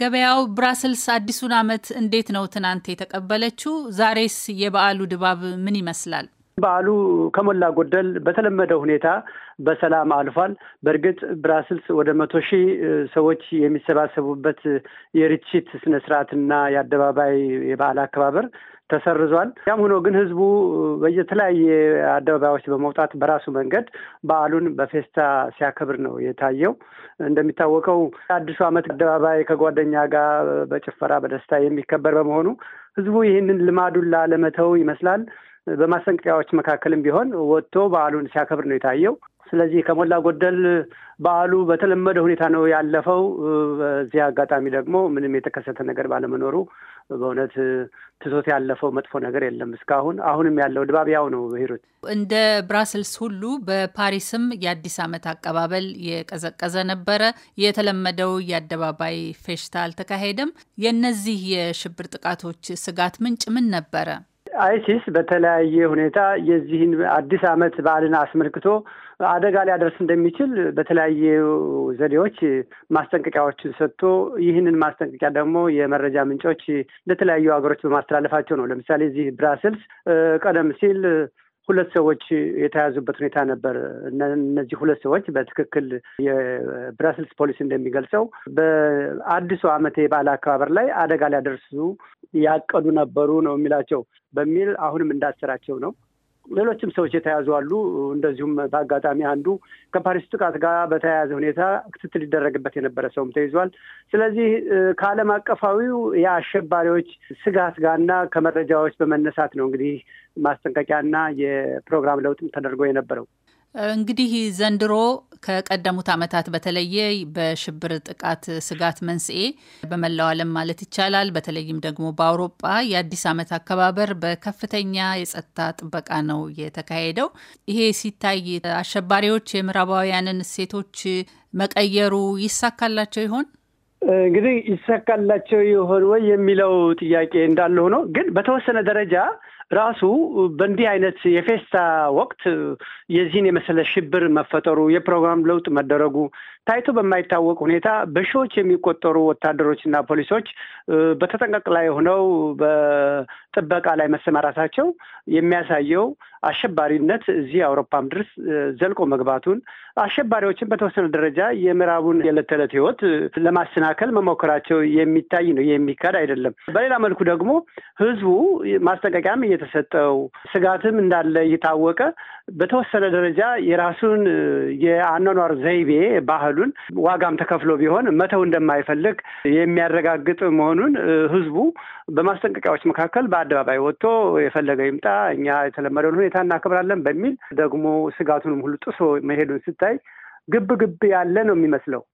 ገበያው ብራስልስ አዲሱን ዓመት እንዴት ነው ትናንት የተቀበለችው? ዛሬስ የበዓሉ ድባብ ምን ይመስላል? በዓሉ ከሞላ ጎደል በተለመደ ሁኔታ በሰላም አልፏል። በእርግጥ ብራስልስ ወደ መቶ ሺህ ሰዎች የሚሰባሰቡበት የርችት ስነስርዓትና የአደባባይ የበዓል አከባበር ተሰርዟል። ያም ሆኖ ግን ህዝቡ በየተለያየ አደባባዮች በመውጣት በራሱ መንገድ በዓሉን በፌስታ ሲያከብር ነው የታየው። እንደሚታወቀው አዲሱ ዓመት አደባባይ ከጓደኛ ጋር በጭፈራ በደስታ የሚከበር በመሆኑ ህዝቡ ይህንን ልማዱን ላለመተው ይመስላል በማስጠንቀቂያዎች መካከልም ቢሆን ወጥቶ በዓሉን ሲያከብር ነው የታየው። ስለዚህ ከሞላ ጎደል በዓሉ በተለመደ ሁኔታ ነው ያለፈው። በዚህ አጋጣሚ ደግሞ ምንም የተከሰተ ነገር ባለመኖሩ በእውነት ትቶት ያለፈው መጥፎ ነገር የለም እስካሁን። አሁንም ያለው ድባብ ያው ነው። በሂሩት እንደ ብራስልስ ሁሉ በፓሪስም የአዲስ ዓመት አቀባበል የቀዘቀዘ ነበረ። የተለመደው የአደባባይ ፌሽታ አልተካሄደም። የእነዚህ የሽብር ጥቃቶች ስጋት ምንጭ ምን ነበረ? አይሲስ በተለያየ ሁኔታ የዚህን አዲስ ዓመት በዓልን አስመልክቶ አደጋ ሊያደርስ እንደሚችል በተለያየ ዘዴዎች ማስጠንቀቂያዎችን ሰጥቶ ይህንን ማስጠንቀቂያ ደግሞ የመረጃ ምንጮች ለተለያዩ ሀገሮች በማስተላለፋቸው ነው። ለምሳሌ እዚህ ብራስልስ ቀደም ሲል ሁለት ሰዎች የተያዙበት ሁኔታ ነበር። እነዚህ ሁለት ሰዎች በትክክል የብራስልስ ፖሊስ እንደሚገልጸው በአዲሱ ዓመት የበዓል አከባበር ላይ አደጋ ሊያደርሱ ያቀዱ ነበሩ ነው የሚላቸው በሚል አሁንም እንዳሰራቸው ነው። ሌሎችም ሰዎች የተያዙ አሉ። እንደዚሁም በአጋጣሚ አንዱ ከፓሪስ ጥቃት ጋር በተያያዘ ሁኔታ ክትትል ሊደረግበት የነበረ ሰውም ተይዟል። ስለዚህ ከዓለም አቀፋዊው የአሸባሪዎች ስጋት ጋርና ከመረጃዎች በመነሳት ነው እንግዲህ ማስጠንቀቂያና የፕሮግራም ለውጥም ተደርጎ የነበረው እንግዲህ ዘንድሮ ከቀደሙት ዓመታት በተለየ በሽብር ጥቃት ስጋት መንስኤ በመላው ዓለም ማለት ይቻላል በተለይም ደግሞ በአውሮጳ የአዲስ ዓመት አከባበር በከፍተኛ የጸጥታ ጥበቃ ነው የተካሄደው። ይሄ ሲታይ አሸባሪዎች የምዕራባውያንን እሴቶች መቀየሩ ይሳካላቸው ይሆን? እንግዲህ ይሰካላቸው ይሆን ወይ የሚለው ጥያቄ እንዳለ ሆኖ ግን በተወሰነ ደረጃ ራሱ በእንዲህ አይነት የፌስታ ወቅት የዚህን የመሰለ ሽብር መፈጠሩ፣ የፕሮግራም ለውጥ መደረጉ ታይቶ በማይታወቅ ሁኔታ በሺዎች የሚቆጠሩ ወታደሮችና ፖሊሶች በተጠንቀቅ ላይ ሆነው ጥበቃ ላይ መሰማራታቸው የሚያሳየው አሸባሪነት እዚህ አውሮፓም ድረስ ዘልቆ መግባቱን አሸባሪዎችን በተወሰነ ደረጃ የምዕራቡን የዕለት ተዕለት ሕይወት ለማሰናከል መሞከራቸው የሚታይ ነው፣ የሚካድ አይደለም። በሌላ መልኩ ደግሞ ህዝቡ ማስጠንቀቂያም እየተሰጠው ስጋትም እንዳለ እየታወቀ በተወሰነ ደረጃ የራሱን የአኗኗር ዘይቤ ባህሉን ዋጋም ተከፍሎ ቢሆን መተው እንደማይፈልግ የሚያረጋግጥ መሆኑን ህዝቡ በማስጠንቀቂያዎች መካከል በአደባባይ ወጥቶ የፈለገ ይምጣ እኛ የተለመደውን ሁኔታ እናከብራለን በሚል ደግሞ ስጋቱንም ሁሉ ጥሶ መሄዱን ስታይ ግብ ግብ ያለ ነው የሚመስለው።